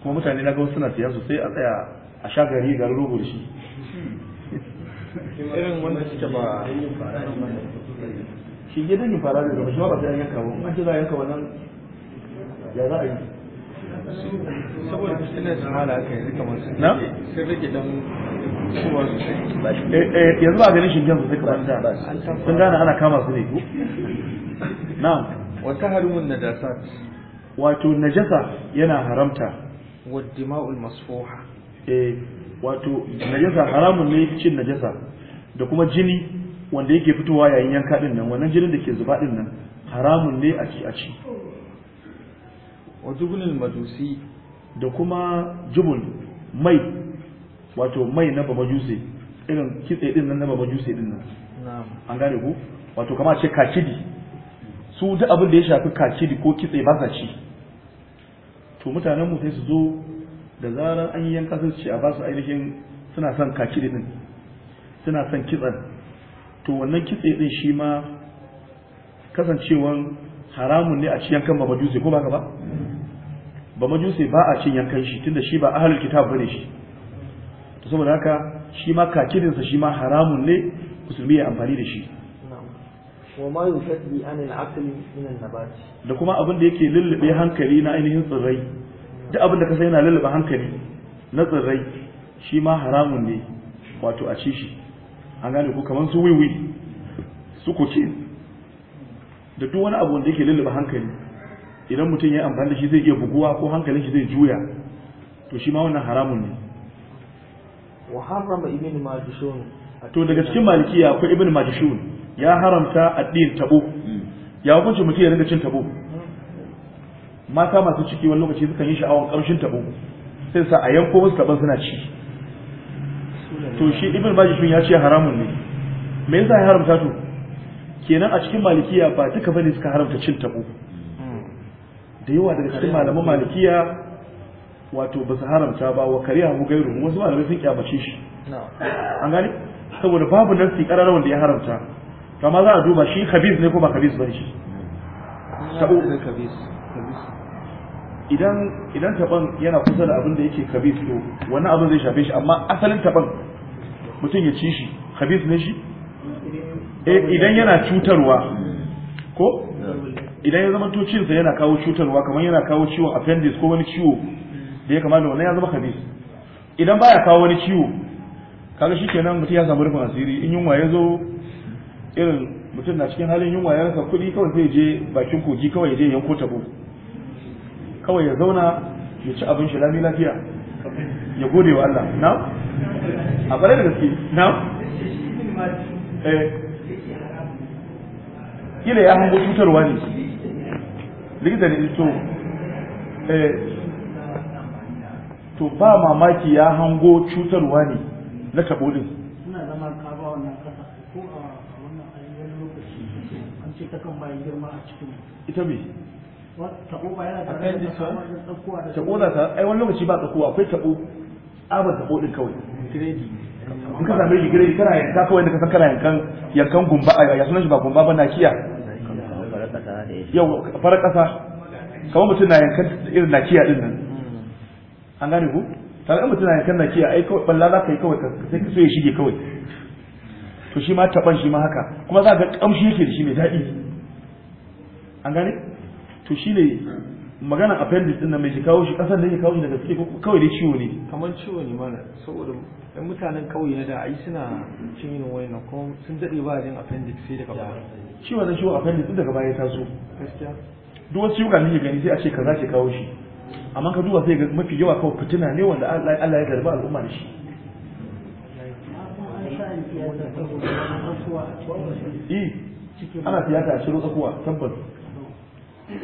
kuma mutane na ga suna siya sosai a tsaya a sha gari garin rogo da shi irin wanda suke ba shinge dangin fara da shi ma ba sai an yanka ba an ce za a yanka wannan ya za a yi saboda fitinar da mala aka yanzu kamar sun na sai rage dan sosai eh, eh, yanzu ba ganin shingen sosai kamar da sun gane ana kama su ne ku na wata harumin najasa wato najasa yana haramta waddima'ul masfuha eh wato najasa haramun ne cin najasa da kuma jini wanda yake fitowa yayin yanka din nan wannan jinin da ke zuba din nan haramun ne a ci a ci wa jubnul majusi da kuma jubul mai wato mai na baba juse irin kitse din nan na baba juse din nan an gane ku wato kama ce kakidi su duk abin da ya shafi kakidi ko kitse ba sa ci to mutanen mu sai su zo da zarar an yi yanka sun ci a basu ainihin suna son kakidi din suna son kitsen to wannan kitse din shi ma kasancewan haramun ne a ci yankan baba juse ko ba ka ba ba majusi ba a cin yankan shi tunda shi ba ahlul kitab bane shi to saboda haka shi ma kakirin sa shi ma haramun ne musulmi ya amfani da shi wa ma yusaddi an al aqli min an-nabat da kuma abin da yake lullube hankali na ainihin tsirrai duk abin da ka sai yana lullube hankali na tsirrai shi ma haramun ne wato a ci shi an gane ko kaman su wiwi su kuce da duk wani abu da yake lullube hankali idan mutum ya amfani da shi zai iya buguwa ko hankalin shi zai juya to shi ma wannan haramun ne wa harrama ibn majishun to daga cikin malikiya akwai ibn majishun ya haramta addin tabo ya hukunci mutum ya ringa cin tabo mata masu ciki wani lokaci sukan yi sha'awan kamshin tabo sai sa a yanko musu taban suna ci to shi ibn majishun ya ce haramun ne me yasa ya haramta to kenan a cikin malikiya ba duka bane suka haramta cin tabo da yawa daga cikin malaman malikiya wato ba su haramta ba wa kariya mu gairu wasu malamai sun kyamace shi an gani saboda babu nan su karara wanda ya haramta kama za a duba shi khabiz ne ko ba khabiz ba shi idan idan taban yana kusa da abin da yake khabiz to wannan abin zai shafe shi amma asalin taban mutum ya ci shi khabiz ne shi eh, idan yana cutarwa ko idan ya zama to cinsa yana kawo cutarwa kamar yana kawo ciwon appendix ko wani ciwo da ya kamata wannan ya zama khabis idan baya kawo wani ciwo kaga shikenan mutum ya samu rufin asiri in yunwa ya zo irin mutum na cikin halin yunwa ya rasa kuɗi kawai zai je bakin kogi kawai ya je yanko tabo kawai ya zauna ya ci abin shi lami lafiya ya gode wa Allah na a ƙwarai da gaske na eh kila ya hango cutarwa ne likita ne to eh, to ba mamaki ya hango cutarwa ne na kabolin suna zama kaba wannan kasa ko a wannan ayyukan lokaci an ce kan bayan girma a cikin ita me tabo ba yana tare da da tabo ai wani lokaci ba tsakuwa akwai tabo abar tabo din kawai in ka same shi kana yanka kawai da ka san kana yankan gumba a shi ba gumba ba na kiya yau fara ƙasa kamar mutum na yankan irin na kiya din nan an gane ku ga mutum na yankan na kiya ai kawai balla za ka yi kawai sai ka so ya shige kawai to shi ma taban shi ma haka kuma za ga kamshi yake da shi mai daɗi an gane to shi ne magana appendix din nan mai shi kawo shi ƙasar da ya kawo shi daga gaske kawai dai ciwo ne kamar ciwo ne mana saboda dan mutanen kauye na da ai suna cin irin wayannan ko sun dade ba jin appendix sai daga baya shi wannan ciwon appendix din daga baya ya taso gaskiya duk wasu ciwon ne gani sai a ce za ke kawo shi amma ka duba sai ga mafi yawa kawai fitina ne wanda Allah ya garba al'umma da shi eh, ana tiyata a shiro tsakuwa tabbas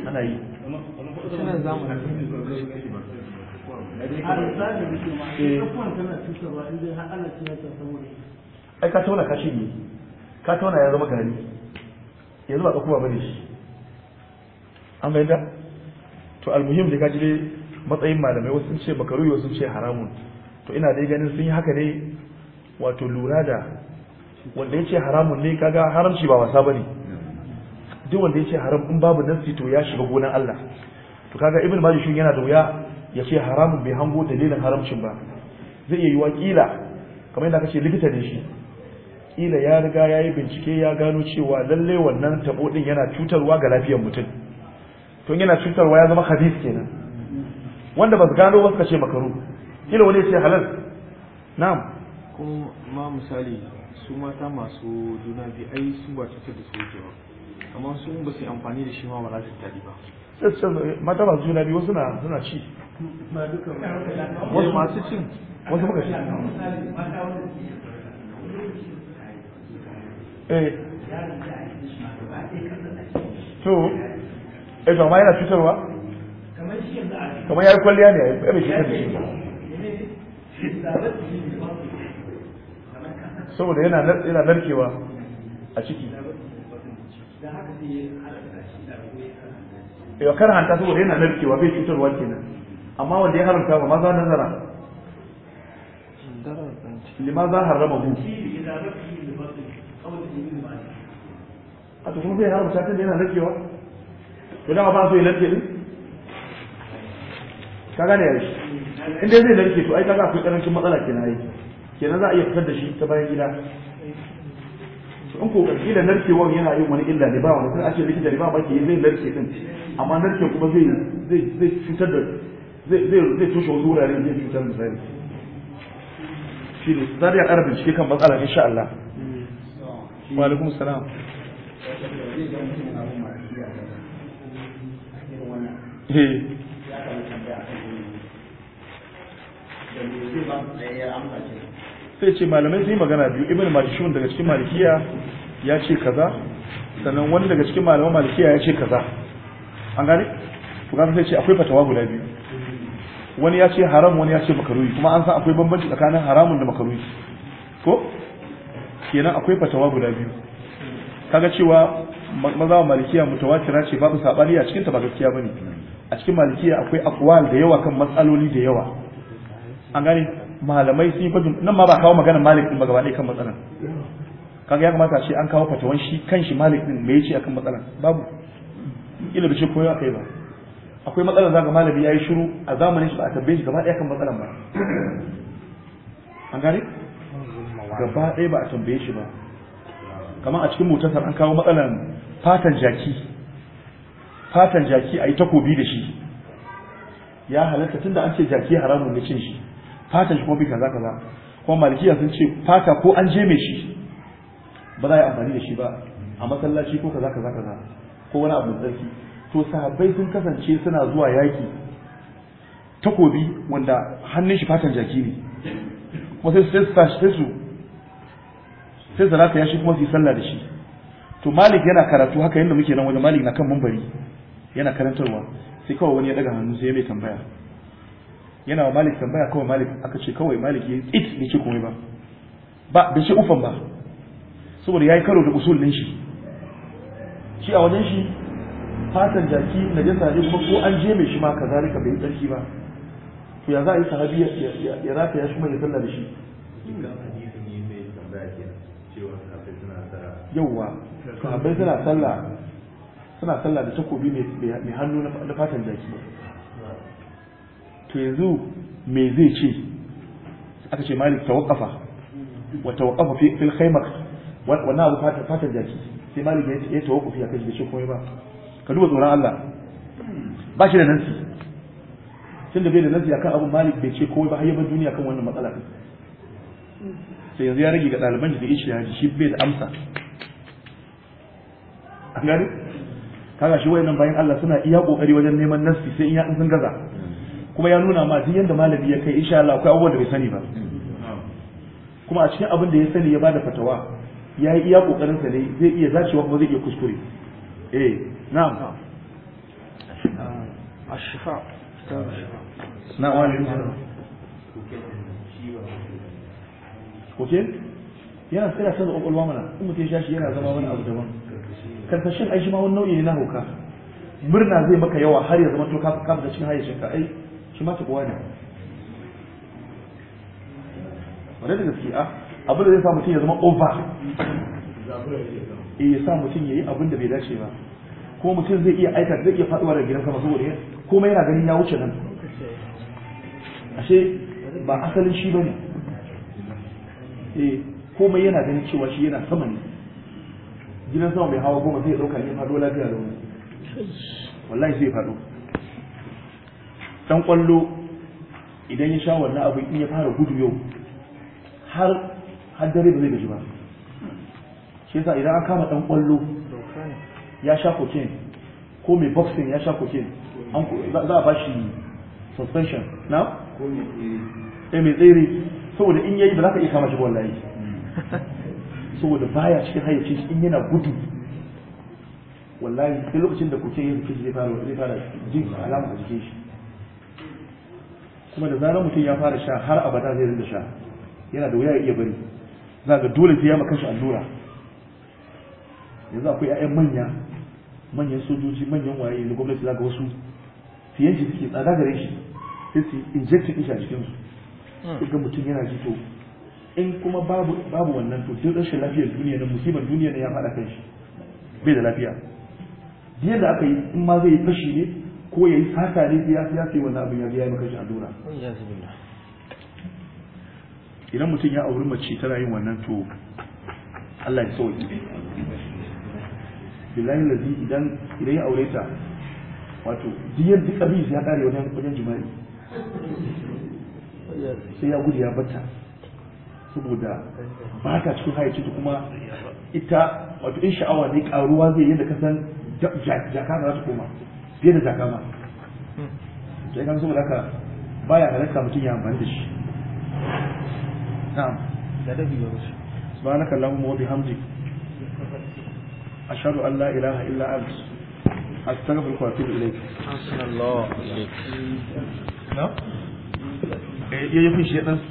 ana yi ai ka tona ka shige ka tona ya zama gari yanzu ba tsakuwa bane shi an gaida da to almuhim da kaji dai matsayin malamai wasu sun ce makaruyi wasu sun ce haramun to ina dai ganin sun yi haka ne wato lura da wanda ya ce haramun ne kaga haramci ba wasa bane duk wanda ya ce haram in babu nasi to ya shiga gonan Allah to kaga ibn majishun yana da wuya ya ce haramun bai hango dalilin haramcin ba zai iya yi wa kila kamar yadda aka ce likita da shi kila ya riga ya yi bincike ya gano cewa lalle wannan tabo din yana cutarwa ga lafiyar mutum to yana cutarwa ya zama hadis kenan wanda ba su gano ba suka ce makaru kila wani ya ce halal na'am Kuma ma misali su mata masu juna biyu ai su ba cutar da su yake ba amma su ba su amfani da shi ma ba za su tadi ba mata masu juna biyu suna suna ci wasu masu cin wasu muka ci eh. to eh to amma yana kamar ya yi kwalliya ne bai shi saboda yana narkewa a ciki yau eh, kar hanta saboda yana narkewa bai kenan amma wanda ya haramta ba maza za nazara limaza harama mu a to kuma zai haramta ta yana rakewa to dama ba su yi lafiya din ka gane ya shi in dai zai lafiya to ai kaga akwai karancin matsala kenan ai kenan za a iya fitar da shi ta bayan gida in ko karfi da narkewar yana yin wani illa ne ba wani sai a ce likita ne ba ba ke zai narke din amma narke kuma zai zai zai da zai tushe wasu wurare zai cutar misali shi ne za ta ƙara bincike kan matsala sha Allah wa alaikum salam eh. sai ce malamai sun yi magana biyu ibn malishun daga cikin malikiya ya ce kaza sannan wani daga cikin malamai malikiya ya ce kaza an gane to sai ce akwai fatawa guda biyu wani ya ce haram wani ya ce makaruhi kuma an san akwai bambanci tsakanin haramun da makaruhi ko kenan akwai fatawa guda biyu kaga cewa maza wa malikiya mutawatira ce babu sabani a cikin ta ba gaskiya bane a cikin malikiya akwai aqwal da yawa kan matsaloli da yawa an gane malamai sun fadin nan ma ba kawo maganar malik din ba gaba kan matsalan kaga ya kamata ce an kawo fatawan shi kan shi malik din me yace akan matsalan babu ila bishi koyo akai ba akwai matsalar zaga malami ya yi shiru a zamanin shi ba a tambaye shi gaba ɗaya kan matsalar ba an gane gaba ɗaya ba a tambaye shi ba kamar a cikin mutasar an kawo matsalar fatan jaki fatan jaki a yi takobi da shi ya halatta tunda an ce jaki haramun da cin shi fatan shi kuma bi kaza kaza kuma malikiya sun ce fata ko an je mai shi ba za a yi amfani da shi ba a masallaci ko kaza kaza kaza ko wani abu tsarki to sahabbai sun kasance suna zuwa yaki takobi wanda hannun shi fatan jaki ne kuma sai su sai su sai zalata ya shi kuma su yi sallah da shi to malik yana karatu haka yadda muke nan wajen malik na kan mambari yana karantarwa sai kawai wani ya daga hannu sai ya mai tambaya yana wa malik tambaya kawai malik aka ce kawai malik ya tsit bai ce komai ba ba bai ce ufan ba saboda ya yi karo da usul shi shi a wajen shi fatan jaki na jasa ne kuma ko an je mai shi ma ka zalika bai tsarki ba to ya za a yi sahabi ya rafa ya shi mai sallah da shi yauwa sahabbai suna sallah suna sallah da takobi mai hannu na fatan jaki to yanzu me zai ce aka ce malik tawaqqafa wa tawaqqafa fi fil khaymak wannan abu fatan jaki sai malik ya tawaqqufi akan shi da shi komai ba ka duba tsoron Allah ba shi da nansi tun da bai da nansi akan abun malik bai ce ko ba har duniya kan wannan matsala sai yanzu ya rage ga ɗaliban da ishi ya shi bai da amsa an gani kaga shi wayannan bayan Allah suna iya kokari wajen neman nansi, sai in ya sun gaza kuma ya nuna ma duk yanda malami ya kai insha Allah akwai abubuwan da bai sani ba kuma a cikin abin da ya sani ya bada fatawa ya yi iya kokarin sa ne zai iya zacewa kuma zai iya kuskure eh نعم الشفاء كتاب الشفاء نعم وكيل yana sai da sai kwakwalwa mana in mutum yana zama wani abu daban karfashin ai ma wani nau'i ne na hauka murna zai maka yawa har ya zama to ka da da gaske a ah, abin da zai sa mutum ya zama over iya eh, ya sa mutum ya yi abin da bai dace ba ko mutum zai iya aika zai iya faduwa daga gidan sama saboda kuma yana ganin ya wuce nan ashe ba asalin shi bane eh komai yana ganin cewa shi yana sama ne gidan sama mai hawa goma zai dauka ne faɗo lafiya da wani wallahi zai faɗo dan kwallo idan ya sha wannan abu in ya fara gudu yau har har dare ba zai gaji ba shi yasa idan an kama dan kwallo ya sha cocaine ko mai boxing ya sha cocaine za a bashi suspension na? ko eh, mai tsere saboda in yayi ba za ka iya kama shi wallahi saboda baya cikin hayyacin in yana gudu wallahi sai lokacin da kuke yin fushi zai fara zai fara jin alama a jikin shi kuma da zarar mutum ya fara sha har abada zai rinda sha yana da wuya ya iya bari za ga dole sai ya maka shi allura yanzu akwai 'ya'yan manya manyan sojoji manyan waye na gwamnati za ga wasu fiye shi suke tsada gare shi sai su injectin ɗin a jikinsu hmm. sai ga mutum yana ji to in kuma babu wannan to duk rashin lafiyar duniya na musibar duniya na ya faɗa kan shi bai da lafiya biya da aka yi in ma zai yi fashi ne ko ya yi sata ne ya fi sai wannan abin ya biya maka shi allura idan mutum ya auri mace tana yin wannan to Allah ya sauke billahi lazi idan idan ya aure ta wato jiyar duk abin ya kare wajen wajen jima'i sai ya gudu ya bata saboda ba ta cikin hayyacinta kuma ita wato in sha'awa ne karuwa zai yadda ka san jaka za ta koma fiye da jaka ma sai kan saboda haka baya halatta mutum ya amfani da shi na'am da dabi ba su subhanaka allahumma wa bihamdika أشهد أن لا إله إلا أنت أستغفرك وأتوب إليك أحسن الله إليك نعم يجب أن